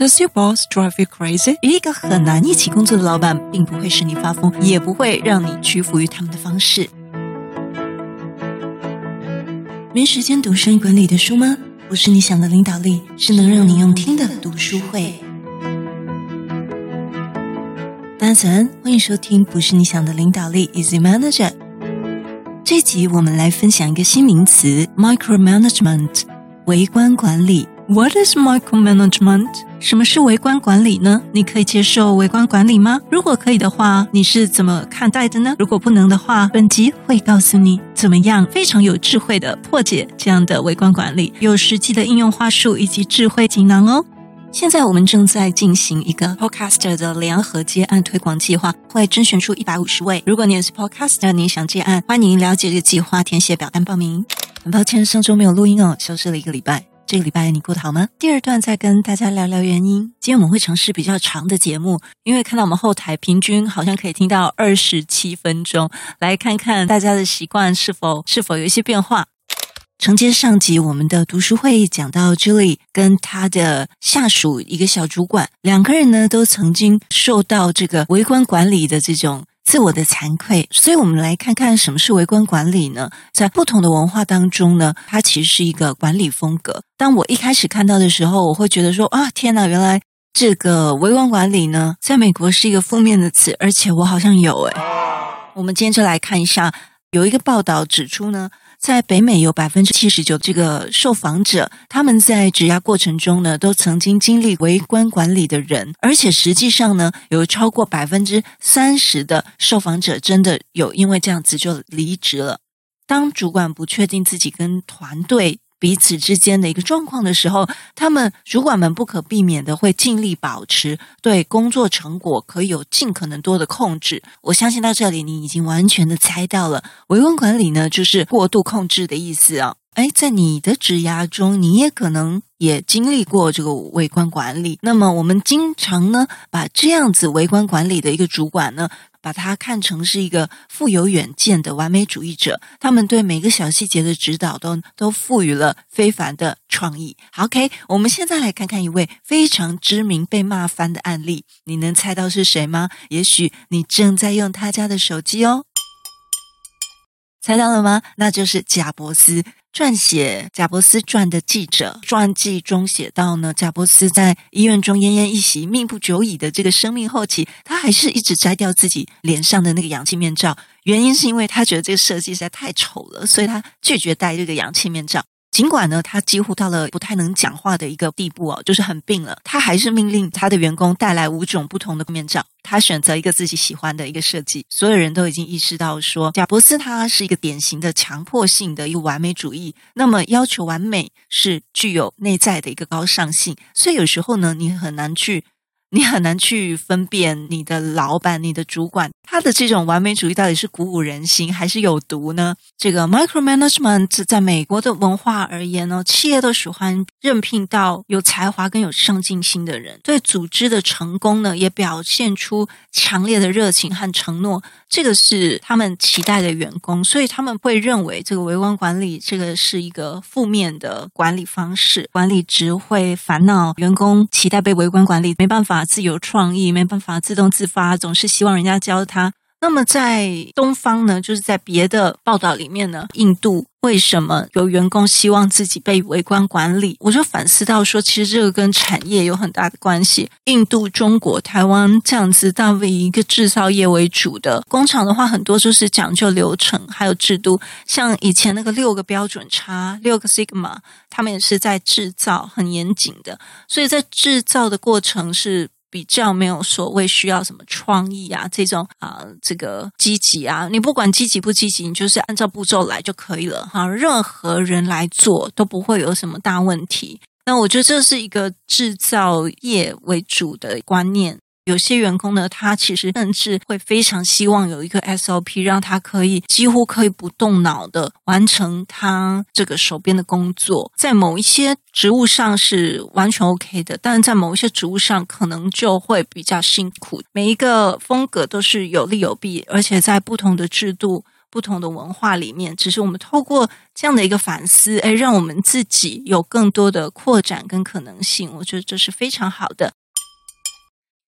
Does your boss drive you crazy？一個很難一起工作的老闆，並不會使你發瘋，也不會讓你屈服於他們的方式。沒時間讀書管理的書嗎？不是你想的領導力，是能讓你用聽的讀書會。大家好，歡迎收聽《不是你想的領導力》，Easy Manager。這集我們來分享一個新名詞：micromanagement，微觀管理。What is micromanagement？什麼是微觀管理呢？你可以接受微觀管理嗎？如果可以的話，你是怎麼看待的呢？如果不能的話，本集會告訴你怎麼樣非常有智慧的破解這樣的微觀管理，有實際的應用話術以及智慧錦囊哦。現在我們正在進行一個 Podcaster 的聯合接案推廣計劃，會甄選出一百五十位。如果你是 Podcaster，你想接案，歡迎了解這個計劃，填寫表單報名。很抱歉，上周沒有錄音哦，消失了一個禮拜。這個禮拜你過得好嗎？第二段再跟大家聊聊原因。今天我們會嘗試比較長的節目，因為看到我們後台平均好像可以聽到二十七分鐘，來看看大家的習慣是否是否有一些變化。承接上集，我們的讀書會講到 Julie 跟她的下屬一個小主管，兩個人呢都曾經受到這個微觀管理的這種。自我的慚愧，所以我們來看看什麼是微觀管理呢？在不同的文化當中呢，它其實是一個管理風格。當我一開始看到的時候，我會覺得說，啊，天哪，原來這個微觀管理呢，在美國是一個負面的詞，而且我好像有哎、啊。我們今天就來看一下，有一個報道指出呢。在北美有百分之七十九，這個受訪者，他們在職涯過程中呢，都曾經經歷微觀管理的人，而且實際上呢，有超過百分之三十的受訪者真的有因為這樣子就離職了。當主管不確定自己跟團隊。彼此之間的一個狀況的時候，他們主管們不可避免的會盡力保持對工作成果可以有盡可能多的控制。我相信到這裡，你已經完全的猜到了，微觀管理呢，就是過度控制的意思啊。哎，在你的職涯中，你也可能也經歷過這個微觀管理。那麼，我們經常呢，把這樣子微觀管理的一個主管呢，把他看成是一個富有遠見的完美主義者。他們對每個小細節的指導都都賦予了非凡的創意。好，OK，我們現在來看看一位非常知名被罵翻的案例，你能猜到是誰嗎？也許你正在用他家的手機哦。猜到了嗎？那就是賈伯斯。撰寫賈伯斯傳的記者，傳記中寫到呢，賈伯斯在醫院中奄奄一息、命不久矣的這個生命後期，他還是一直摘掉自己臉上的那個氧氣面罩，原因是因為他覺得這個設計實在太醜了，所以他拒絕戴這個氧氣面罩。儘管呢，他幾乎到了不太能講話的一個地步哦，就是很病了，他還是命令他的員工帶來五種不同的面罩，他選擇一個自己喜歡的一個設計。所有人都已經意識到說，賈伯斯他是一個典型的強迫性的一個完美主義，那麼要求完美是具有內在的一個高尚性，所以有時候呢，你很難去。你很難去分辨你的老闆、你的主管他的這種完美主義到底是鼓舞人心還是有毒呢？這個 micromanagement 在美國的文化而言呢，企業都喜歡任聘到有才華跟有上進心的人，對組織的成功呢也表現出強烈的熱情和承諾。這個是他們期待的員工，所以他們會認為這個微觀管理這個是一個負面的管理方式，管理只會煩惱員工，期待被微觀管理，沒辦法。自由創意沒辦法自動自發，總是希望人家教他。那麼在東方呢，就是在別的報道裡面呢，印度為什麼有員工希望自己被微觀管理？我就反思到說，其實這個跟產業有很大的關係。印度、中國、台灣這樣子，大部分一個製造業為主的工廠的話，很多就是講究流程還有制度，像以前那個六個標準差、六個 Sigma，他們也是在製造很嚴謹的，所以在製造的過程是。比較沒有所謂需要什麼創意啊，這種啊，這個積極啊，你不管積極不積極，你就是按照步驟來就可以了哈，啊，任何人來做都不會有什麼大問題。那我覺得這是一個製造業為主的觀念。有些員工呢，他其實甚至會非常希望有一個 SOP，讓他可以幾乎可以不動腦的完成他這個手邊的工作。在某一些職務上是完全 OK 的，但是在某一些職務上可能就會比較辛苦。每一個風格都是有利有弊，而且在不同的制度、不同的文化裡面，只是我們透過這樣的一個反思，哎，讓我們自己有更多的擴展跟可能性，我覺得這是非常好的。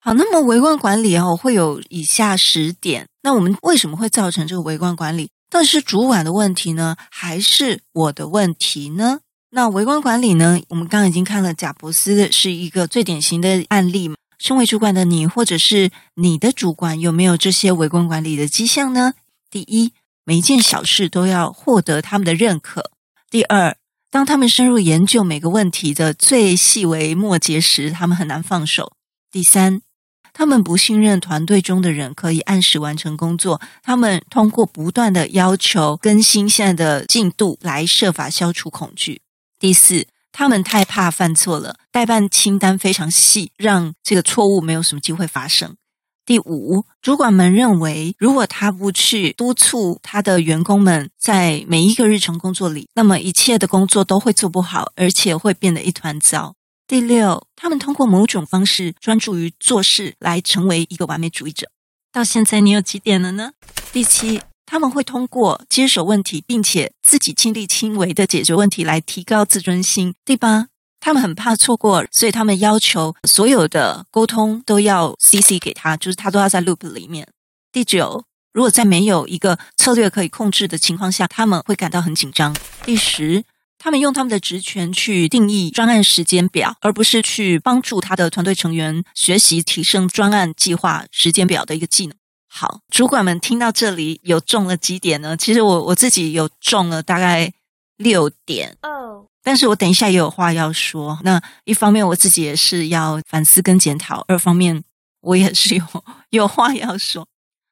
好，那麼微觀管理哦，會有以下十點。那我們為什麼會造成這個微觀管理？到底是主管的問題呢，還是我的問題呢？那微觀管理呢？我們剛剛已經看了，賈伯斯的是一個最典型的案例。身為主管的你，或者是你的主管，有沒有這些微觀管理的跡象呢？第一，每一件小事都要獲得他們的認可；第二，當他們深入研究每個問題的最細微末節時，他們很難放手；第三。他們不信任團隊中的人可以按時完成工作。他們通過不斷的要求更新現在的進度來設法消除恐懼。第四，他們太怕犯錯了，待辦清單非常細，讓這個錯誤沒有什麼機會發生。第五，主管們認為，如果他不去督促他的員工們在每一個日常工作裡，那麼一切的工作都會做不好，而且會變得一團糟。第六，他們通過某種方式專注於做事來成為一個完美主義者。到現在，你有幾點了呢？第七，他們會通過接手問題，並且自己親力親為的解決問題來提高自尊心。第八，他們很怕錯過，所以他們要求所有的溝通都要 CC 給他，就是他都要在 loop 裡面。第九，如果在沒有一個策略可以控制的情況下，他們會感到很緊張。第十，他們用他們的職權去定義專案時間表，而不是去幫助他的團隊成員學習提升專案計劃時間表的一個技能。好，主管們聽到這裡有中了幾點呢？其實我我自己有中了大概六點，哦、oh.，但是我等一下也有話要說。那一方面我自己也是要反思跟檢討，二方面我也是有有話要說。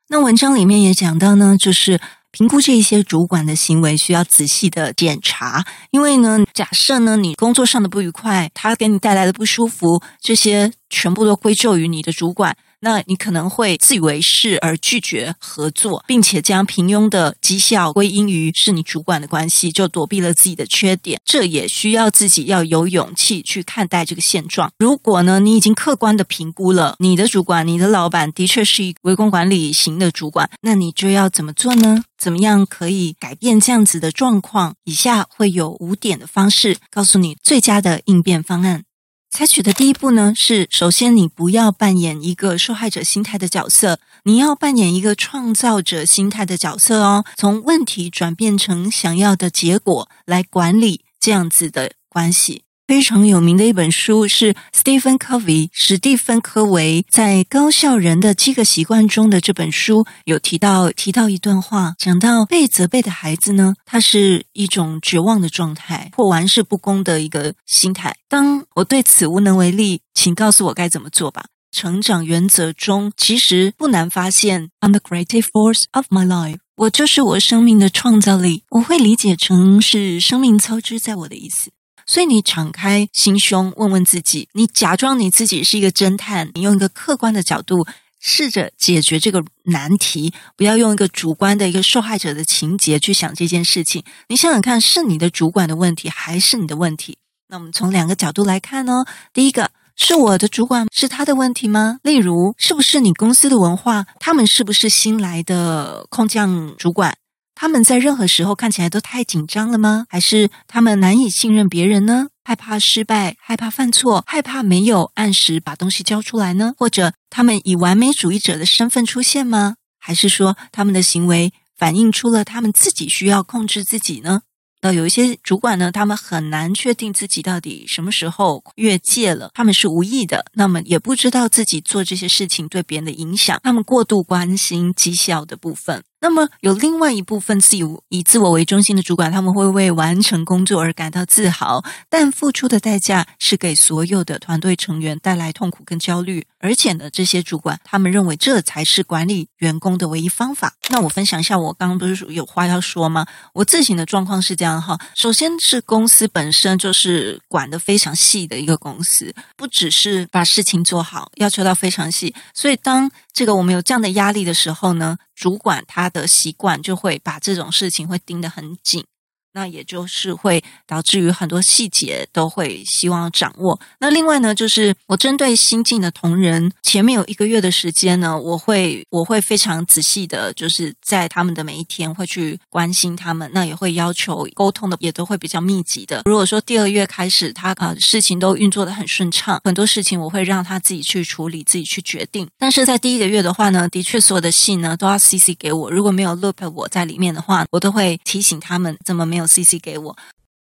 那文章裡面也講到呢，就是。評估這一些主管的行為，需要仔細的檢查，因為呢，假設呢，你工作上的不愉快，他給你帶來的不舒服，這些全部都歸咎於你的主管。那你可能會自以為是而拒絕合作，並且將平庸的績效歸因於是你主管的關係，就躲避了自己的缺點。這也需要自己要有勇氣去看待這個現狀。如果呢，你已經客觀的評估了你的主管，你的老闆，的確是一個微觀管理型的主管，那你就要怎麼做呢？怎麼樣可以改變這樣子的狀況？以下會有五點的方式，告訴你最佳的應變方案。採取的第一步呢，是首先你不要扮演一個受害者心態的角色，你要扮演一個創造者心態的角色哦，從問題轉變成想要的結果，來管理這樣子的關係。非常有名的一本書是 Stephen Covey, Stephen Covey 史蒂芬·科維在《高效人的七個習慣》中的這本書有提到，提到一段話，講到被責備的孩子呢，他是一種絕望的狀態或玩世不恭的一個心態。當我對此無能為力，請告訴我該怎麼做吧。成長原則中其實不難發現，I'm the creative force of my life，我就是我生命的創造力。我會理解成是生命操之在我的意思。所以你敞開心胸，問問自己：你假裝你自己是一個偵探，你用一個客觀的角度試着解決這個難題，不要用一個主觀的一個受害者的情節去想這件事情。你想想看，是你的主管的問題，還是你的問題？那我們從兩個角度來看呢，哦？第一個是我的主管是他的問題嗎？例如，是不是你公司的文化？他們是不是新來的空降主管？他們在任何時候看起來都太緊張了嗎？還是他們難以信任別人呢？害怕失敗，害怕犯錯，害怕沒有按時把東西交出來呢？或者他們以完美主義者的身份出現嗎？還是說他們的行為反映出了他們自己需要控制自己呢？那有一些主管呢，他們很難確定自己到底什麼時候越界了，他們是無意的，那麼也不知道自己做這些事情對別人的影響，他們過度關心績效的部分。那麼，有另外一部分是以自我為中心的主管，他們會為完成工作而感到自豪，但付出的代價是給所有的團隊成員帶來痛苦跟焦慮。而且呢，這些主管他們認為這才是管理員工的唯一方法。那我分享一下，我剛剛不是有話要說嗎？我自己的狀況是這樣哈。首先是公司本身就是管得非常細的一個公司，不只是把事情做好，要求到非常細。所以，當這個我們有這樣的壓力的時候呢，主管他的習慣就會把這種事情會盯得很緊。那也就是會導致於很多細節都會希望掌握。那另外呢，就是我針對新進的同仁，前面有一個月的時間呢，我會我會非常仔細的，就是在他們的每一天會去關心他們。那也會要求溝通的也都會比較密集的。如果說第二月開始他啊事情都運作的很順暢，很多事情我會讓他自己去處理，自己去決定。但是在第一個月的話呢，的確所有的信呢都要 CC 給我，如果沒有 loop 我在裡面的話，我都會提醒他們怎麼沒有。C C 給我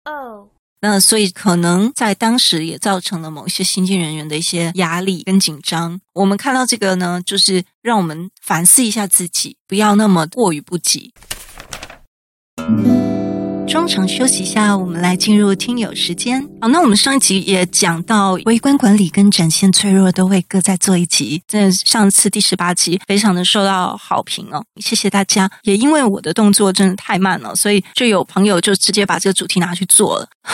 哦，oh. 那所以可能在當時也造成了某一些新進人員的一些壓力跟緊張。我們看到這個呢，就是讓我們反思一下自己，不要那麼過於不及。 中場休息一下，我們來進入聽友時間。好，那我們上一集也講到微觀管理跟展現脆弱，都會各再做一集。這上次第十八集，非常的受到好評哦，謝謝大家。也因為我的動作真的太慢了，所以就有朋友就直接把這個主題拿去做了。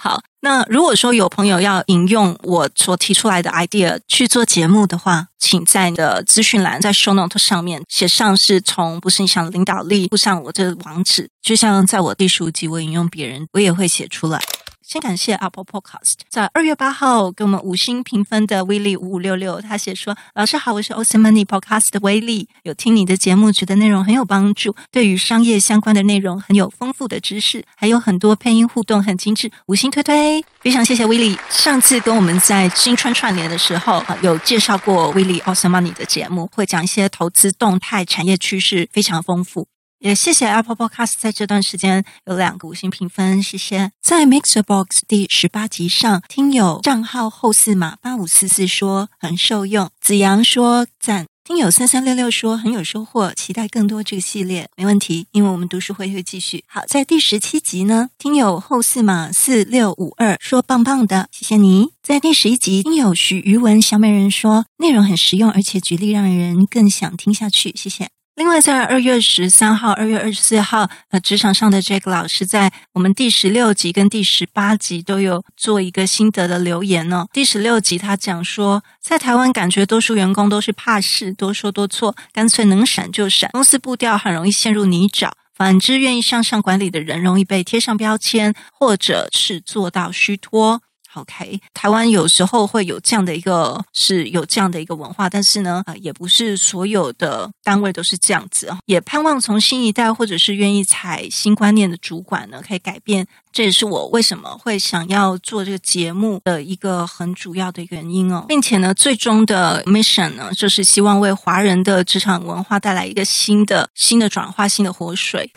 好。那如果說有朋友要引用我所提出來的 idea 去做節目的話，請在你的資訊欄在 show note 上面寫上是從不是你想的領導力，附上我這個網址，就像在我第十五集我引用別人，我也會寫出來。先感謝 Apple Podcast 在二月八號給我們五星評分的威力五五六六，他寫說：“老師好，我是 Awesome Money Podcast 的威力，有聽你的節目，覺得內容很有幫助，對於商業相關的內容很有豐富的知識，還有很多配音互動很精致，五星推推，非常謝謝威力。上次跟我們在新春串聯的時候，有介紹過威力 Awesome Money 的節目，會講一些投資動態、產業趨勢，非常豐富。”也謝謝 Apple Podcast 在這段時間有兩個五星評分，謝謝。在 MixerBox 第十八集上，聽友賬號後四碼八五四四說很受用，子陽說讚，聽友三三六六說很有收穫，期待更多這個系列，沒問題，因為我們讀書會會繼續。好，在第十七集呢，聽友後四碼四六五二說棒棒的，謝謝你。在第十一集，聽友徐余文小美人說，內容很實用，而且舉例讓人更想聽下去，謝謝。另外，在二月十三號、二月二十四號，呃，職場上的傑克老師在我們第十六集跟第十八集都有做一個心得的留言呢、哦。第十六集他講說，在台灣感覺多數員工都是怕事，多說多錯，乾脆能閃就閃，公司步調很容易陷入泥沼。反之，願意向上,上管理的人容易被貼上標籤，或者是做到虛脫。OK，台灣有時候會有這樣的一個，是有這樣的一個文化，但是呢，呃，也不是所有的單位都是這樣子哦。也盼望從新一代或者是願意採新觀念的主管呢，可以改變。這也是我為什麼會想要做這個節目的一個很主要的原因哦。並且呢，最終的 mission 呢，就是希望為華人的職場文化帶來一個新的、新的轉化、新的活水。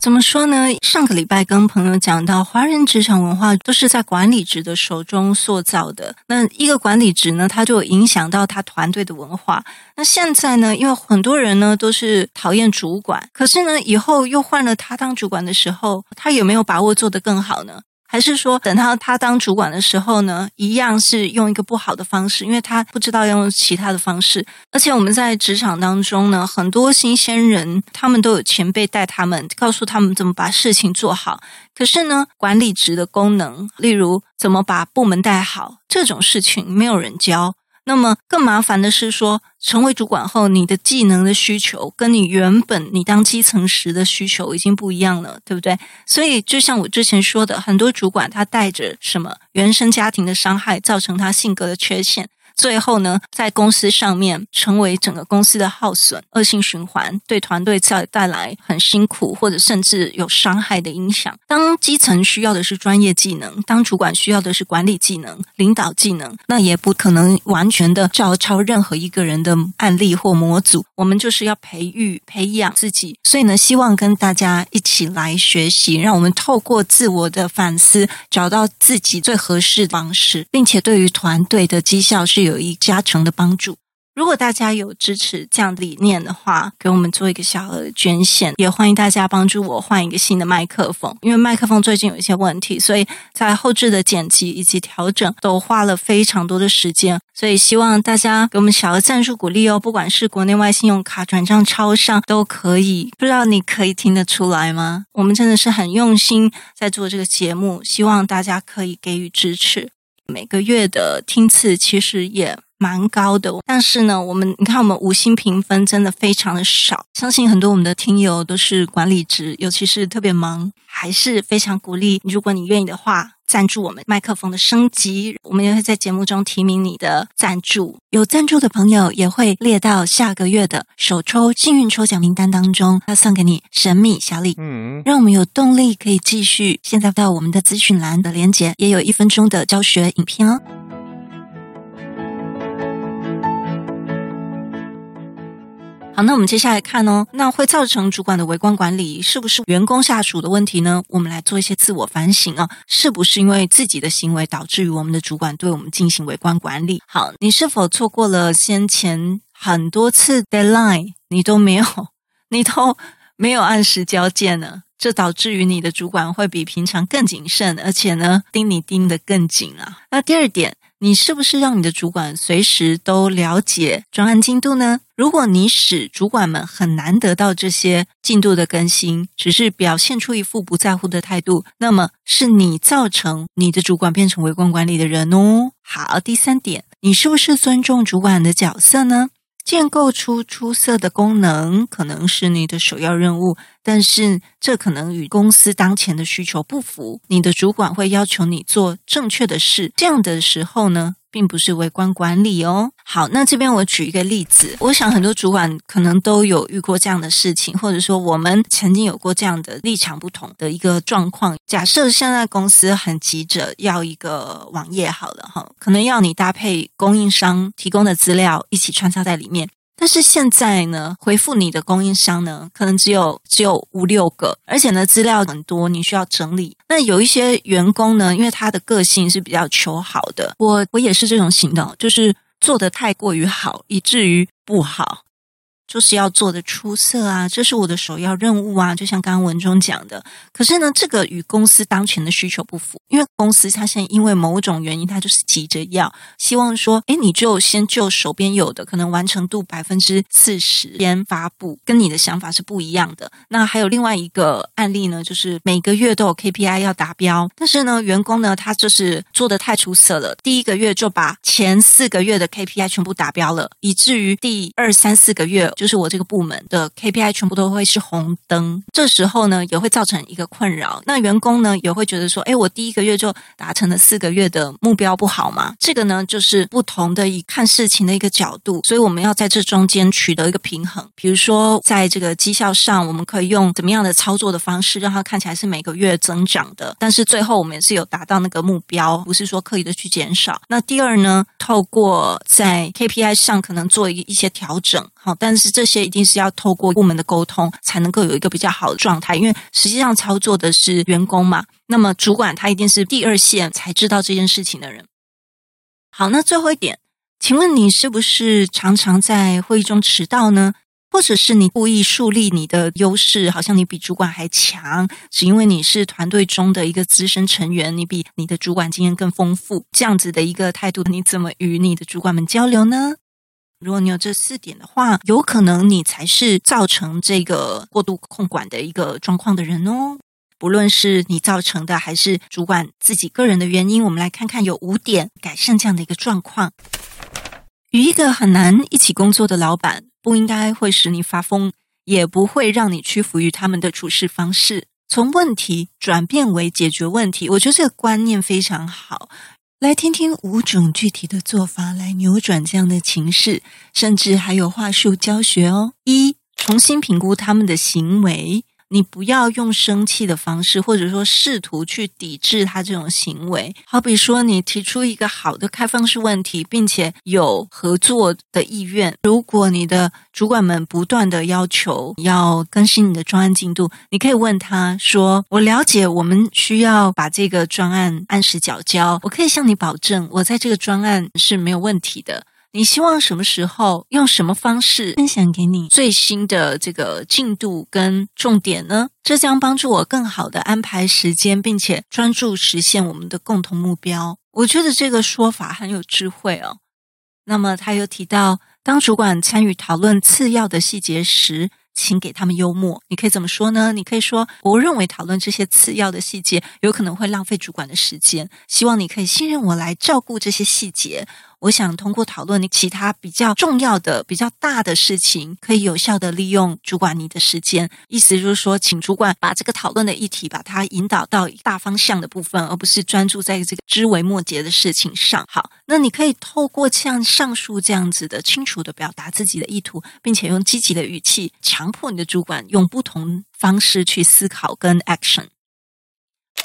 怎麼說呢？上個禮拜跟朋友講到，華人職場文化都是在管理職的手中塑造的。那一個管理職呢，他就影響到他團隊的文化。那現在呢，因為很多人呢都是討厭主管，可是呢，以後又換了他當主管的時候，他有沒有把握做得更好呢？還是說，等到他當主管的時候呢，一樣是用一個不好的方式，因為他不知道要用其他的方式。而且我們在職場當中呢，很多新鮮人，他們都有前輩帶他們，告訴他們怎麼把事情做好。可是呢，管理職的功能，例如怎麼把部門帶好，這種事情，沒有人教。那麼更麻煩的是說，說成為主管後，你的技能的需求跟你原本你當基層時的需求已經不一樣了，對不對？所以就像我之前說的，很多主管他帶着什麼原生家庭的傷害，造成他性格的缺陷。最後呢，在公司上面成為整個公司的耗損，惡性循環，對團隊在帶來很辛苦或者甚至有傷害的影響。當基層需要的是專業技能，當主管需要的是管理技能、領導技能，那也不可能完全的照抄任何一個人的案例或模組。我們就是要培育、培養自己。所以呢，希望跟大家一起來學習，讓我們透過自我的反思，找到自己最合適的方式，並且對於團隊的績效是有，有一加成的幫助。如果大家有支持這樣的理念的話，給我們做一個小額捐獻，也歡迎大家幫助我換一個新的麥克風，因為麥克風最近有一些問題，所以在後製的剪輯以及調整都花了非常多的時間，所以希望大家給我們小額贊助鼓勵哦。不管是國內外信用卡轉賬、超商都可以。不知道你可以聽得出來嗎？我們真的是很用心在做這個節目，希望大家可以給予支持。每個月的聽次其實也蠻高的，但是呢，我們你看，我們五星評分真的非常的少，相信很多我們的聽友都是管理職，尤其是特別忙，還是非常鼓勵，如果你願意的話。贊助我們麥克風的升級，我們也會在節目中提名你的贊助。有贊助的朋友也會列到下個月的首抽幸運抽獎名單當中，要送給你神秘小禮，嗯，讓我們有動力可以繼續。現在到我們的資訊欄的連結，也有一分鐘的教學影片哦。好，那我們接下來看哦，那會造成主管的微觀管理是不是員工下屬的問題呢？我們來做一些自我反省啊，是不是因為自己的行為導致於我們的主管對我們進行微觀管理？好，你是否錯過了先前很多次 deadline，你都沒有，你都沒有按時交件呢？這導致於你的主管會比平常更謹慎，而且呢盯你盯得更緊啊。那第二點。你是不是讓你的主管隨時都了解專案進度呢？如果你使主管們很難得到這些進度的更新，只是表現出一副不在乎的態度，那麼是你造成你的主管變成微觀管理的人哦。好，第三點，你是不是尊重主管的角色呢？建構出出色的功能，可能是你的首要任務。但是這可能與公司當前的需求不符，你的主管會要求你做正確的事。這樣的時候呢，並不是微觀管理哦。好，那這邊我舉一個例子，我想很多主管可能都有遇過這樣的事情，或者說我們曾經有過這樣的立場不同的一個狀況。假設現在公司很急着要一個網頁，好了哈、哦，可能要你搭配供應商提供的資料一起穿插在裡面。但是現在呢，回復你的供應商呢，可能只有只有五六個，而且呢，資料很多，你需要整理。那有一些員工呢，因為他的個性是比較求好的，我我也是這種型的，就是做得太過於好，以至於不好。就是要做的出色啊，這是我的首要任務啊！就像剛剛文中講的，可是呢，這個與公司當前的需求不符，因為公司它現在因為某種原因，它就是急着要，希望說，哎，你就先就手邊有的，可能完成度百分之四十先發布，跟你的想法是不一樣的。那還有另外一個案例呢，就是每個月都有 KPI 要達標，但是呢，員工呢，他就是做的太出色了，第一個月就把前四個月的 KPI 全部達標了，以至於第二三四個月。就是我這個部門的 KPI 全部都會是紅燈，這時候呢也會造成一個困擾。那員工呢也會覺得說：“誒，我第一個月就達成了四個月的目標，不好嗎？”這個呢就是不同的以看事情的一個角度，所以我們要在這中間取得一個平衡。比如說，在這個績效上，我們可以用怎麼樣的操作的方式，讓它看起來是每個月增長的，但是最後我們也是有達到那個目標，不是說刻意的去減少。那第二呢，透過在 KPI 上可能做一一些調整。好，但是這些一定是要透過部門的溝通，才能夠有一個比較好的狀態。因為實際上操作的是員工嘛，那麼主管他一定是第二線才知道這件事情的人。好，那最後一點，請問你是不是常常在會議中遲到呢？或者是你故意樹立你的優勢，好像你比主管還強，只因為你是團隊中的一個資深成員，你比你的主管經驗更豐富，這樣子的一個態度，你怎麼與你的主管們交流呢？如果你有這四點的話，有可能你才是造成這個過度控管的一個狀況的人哦。不論是你造成的，還是主管自己個人的原因，我們來看看有五點改善這樣的一個狀況。與一個很難一起工作的老闆，不應該會使你發瘋，也不會讓你屈服於他們的處事方式。從問題轉變為解決問題，我覺得這個觀念非常好。來聽聽五種具體的做法，來扭轉這樣的情勢，甚至還有話術教學哦。一，重新評估他們的行為。你不要用生氣的方式，或者說試圖去抵制他這種行為。好比說，你提出一個好的開放式問題，並且有合作的意願。如果你的主管們不斷的要求要更新你的專案進度，你可以問他說：說我了解，我們需要把這個專案按時繳交。我可以向你保證，我在這個專案是沒有問題的。你希望什麼時候用什麼方式分享給你最新的這個進度跟重點呢？這將幫助我更好的安排時間，並且專注實現我們的共同目標。我覺得這個說法很有智慧哦。那麼他又提到，當主管參與討論次要的細節時，請給他們幽默。你可以怎麼說呢？你可以說，我認為討論這些次要的細節有可能會浪費主管的時間。希望你可以信任我來照顧這些細節。我想通過討論，你其他比較重要的、比較大的事情，可以有效地利用主管你的時間。意思就是說，請主管把這個討論的議題，把它引導到大方向的部分，而不是專注在這個枝微末節的事情上。好，那你可以透過像上述這樣子的清楚地表達自己的意圖，並且用積極的語氣，強迫你的主管用不同方式去思考跟 action。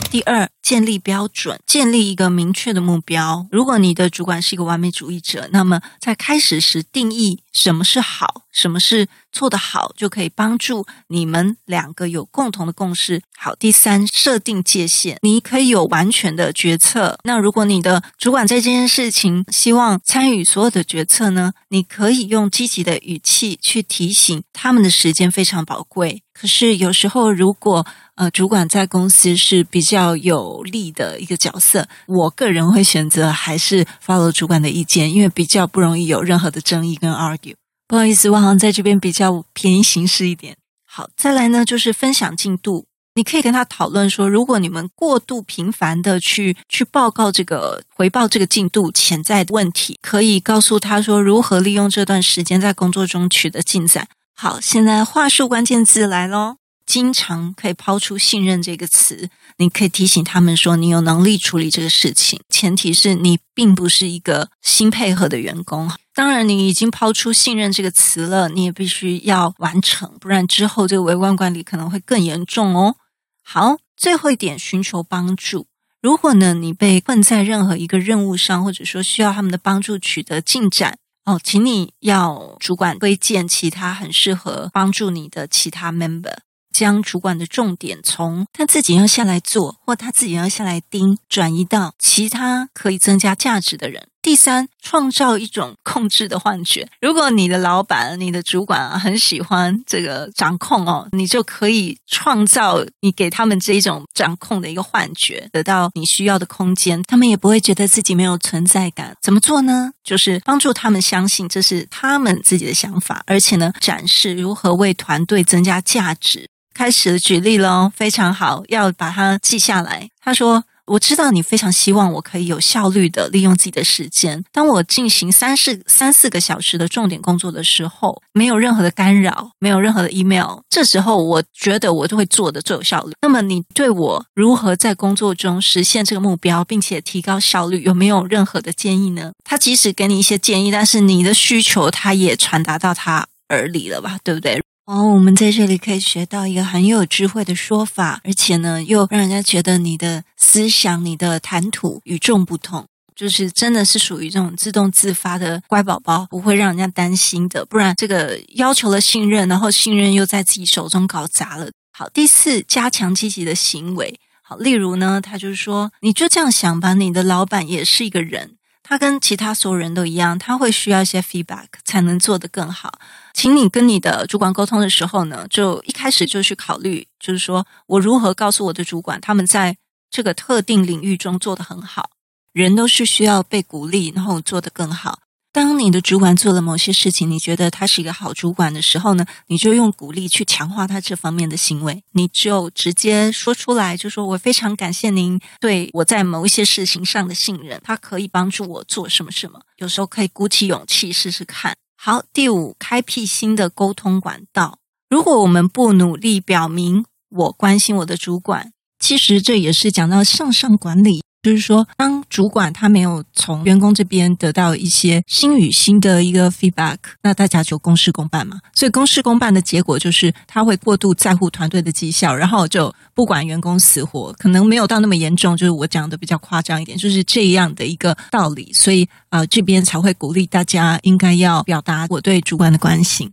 第二，建立標準，建立一個明確的目標。如果你的主管是一個完美主義者，那麼在開始時定義什麼是好，什麼是做得好，就可以幫助你們兩個有共同的共識。好，第三，設定界限，你可以有完全的決策。那如果你的主管在這件事情希望參與所有的決策呢？你可以用積極的語氣去提醒他們的時間非常寶貴。可是有時候，如果呃，主管在公司是比較有利的一個角色，我個人會選擇還是 follow 主管的意見，因為比較不容易有任何的爭議跟 argue。不好意思，我好像在這邊比較便宜行事一點。好，再來呢，就是分享進度，你可以跟他討論說，如果你們過度頻繁的去去報告這個回報這個進度，潛在的問題，可以告訴他說如何利用這段時間在工作中取得進展。好，現在話術關鍵字來嘍。經常可以拋出“信任”這個詞，你可以提醒他們說，你有能力處理這個事情。前提是你並不是一個新配合的員工。當然，你已經拋出“信任”這個詞了，你也必須要完成，不然之後這個微觀管理可能會更嚴重哦。好，最後一點，尋求幫助。如果呢，你被困在任何一個任務上，或者說需要他們的幫助取得進展。哦，請你要主管推薦其他很適合幫助你的其他 member，將主管的重點從他自己要下來做，或他自己要下來盯，轉移到其他可以增加價值的人。第三，創造一種控制的幻覺。如果你的老闆、你的主管啊，很喜歡這個掌控哦，你就可以創造你給他們這一種掌控的一個幻覺，得到你需要的空間，他們也不會覺得自己沒有存在感。怎麼做呢？就是幫助他們相信這是他們自己的想法，而且呢，展示如何為團隊增加價值。開始舉例咯，非常好，要把它記下來。他說，我知道你非常希望我可以有效率的利用自己的時間。當我進行三四三四個小時的重點工作的時候，沒有任何的干擾，沒有任何的 email，這時候我覺得我就會做得最有效率。那麼你對我如何在工作中實現這個目標，並且提高效率，有沒有任何的建議呢？他即使給你一些建議，但是你的需求他也傳達到他耳裡了吧，對不對？哦，我們在這裡可以學到一個很有智慧的說法，而且呢，又讓人家覺得你的思想、你的談吐與眾不同，就是真的是屬於這種自動自發的乖寶寶，不會讓人家擔心的。不然，這個要求了信任，然後信任又在自己手中搞砸了。好，第四，加強積極的行為。好，例如呢，他就說，你就這樣想吧，你的老闆也是一個人，他跟其他所有人都一樣，他會需要一些 feedback 才能做得更好。請你跟你的主管溝通的時候呢，就一開始就去考慮，就是說我如何告訴我的主管，他們在這個特定領域中做得很好。人都是需要被鼓勵，然後做得更好。當你的主管做了某些事情，你覺得他是一個好主管的時候呢，你就用鼓勵去強化他這方面的行為。你就直接說出來，就說，我非常感謝您對我在某一些事情上的信任，他可以幫助我做什麼什麼。有時候可以鼓起勇氣試試看。好，第五，開闢新的溝通管道。如果我們不努力表明我關心我的主管，其實這也是講到向上管理。就是說，當主管他沒有從員工這邊得到一些心與心的一個 feedback，那大家就公事公辦嘛。所以公事公辦的結果就是他會過度在乎團隊的績效，然後就不管員工死活。可能沒有到那麼嚴重，就是我講的比較誇張一點，就是這樣的一個道理。所以呃，這邊才會鼓勵大家應該要表達我對主管的關心。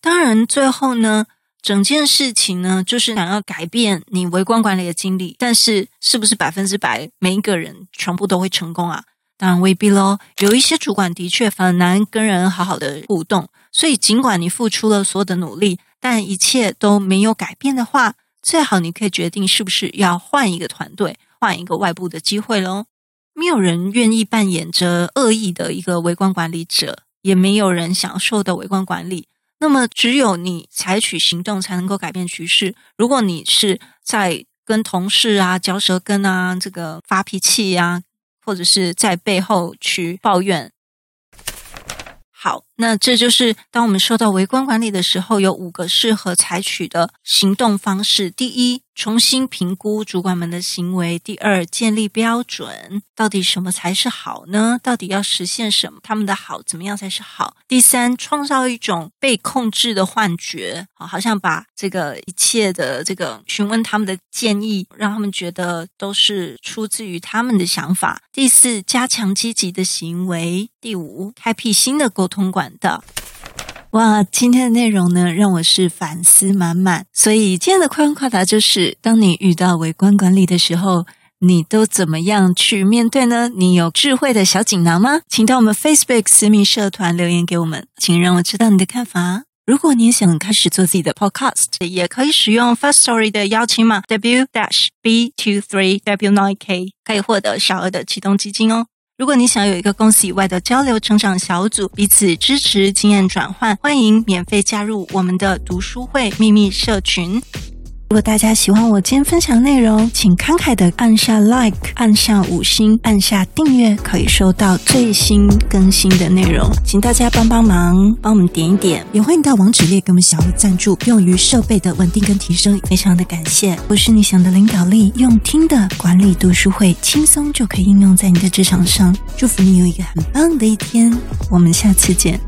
當然，最後呢，整件事情呢，就是想要改變你微觀管理的經歷，但是是不是百分之百每一個人全部都會成功啊？當然未必嘍。有一些主管的確很難跟人好好的互動，所以儘管你付出了所有的努力，但一切都沒有改變的話，最好你可以決定是不是要換一個團隊，換一個外部的機會嘍。沒有人願意扮演着惡意的一個微觀管理者，也沒有人享受的微觀管理。那麼，只有你採取行動，才能夠改變局勢。如果你是在跟同事啊嚼舌根啊、這個發脾氣啊，或者是在背後去抱怨。好。那這就是當我們受到微觀管理的時候，有五個適合採取的行動方式：第一，重新評估主管們的行為；第二，建立標準，到底什麼才是好呢？到底要實現什麼？他們的好怎麼樣才是好？第三，創造一種被控制的幻覺，好，好像把這個一切的這個詢問他們的建議，讓他們覺得都是出自於他們的想法；第四，加強積極的行為；第五，開闢新的溝通管理。到哇，今天的內容呢，讓我是反思滿滿。所以今天的快問快答就是：當你遇到微觀管理的時候，你都怎麼樣去面對呢？你有智慧的小錦囊嗎？請到我們 Facebook 私密社團留言給我們，請讓我知道你的看法啊。如果你也想開始做自己的 Podcast，也可以使用 Firstory 的邀請碼 W dash B two three W nine K，可以獲得小額的啟動基金哦。如果你想有一個公司以外的交流成長小組，彼此支持、經驗轉換，歡迎免費加入我們的讀書會秘密社群。如果大家喜歡我今天分享的內容，請慷慨的按下 like，按下五星，按下訂閱，可以收到最新更新的內容。請大家幫幫忙，幫我們點一點。也歡迎到網址列給我們小額贊助，用於設備的穩定跟提升，非常的感謝。我是你想的領導力，用聽的管理讀書會，輕鬆就可以應用在你的職場上。祝福你有一個很棒的一天，我們下次見。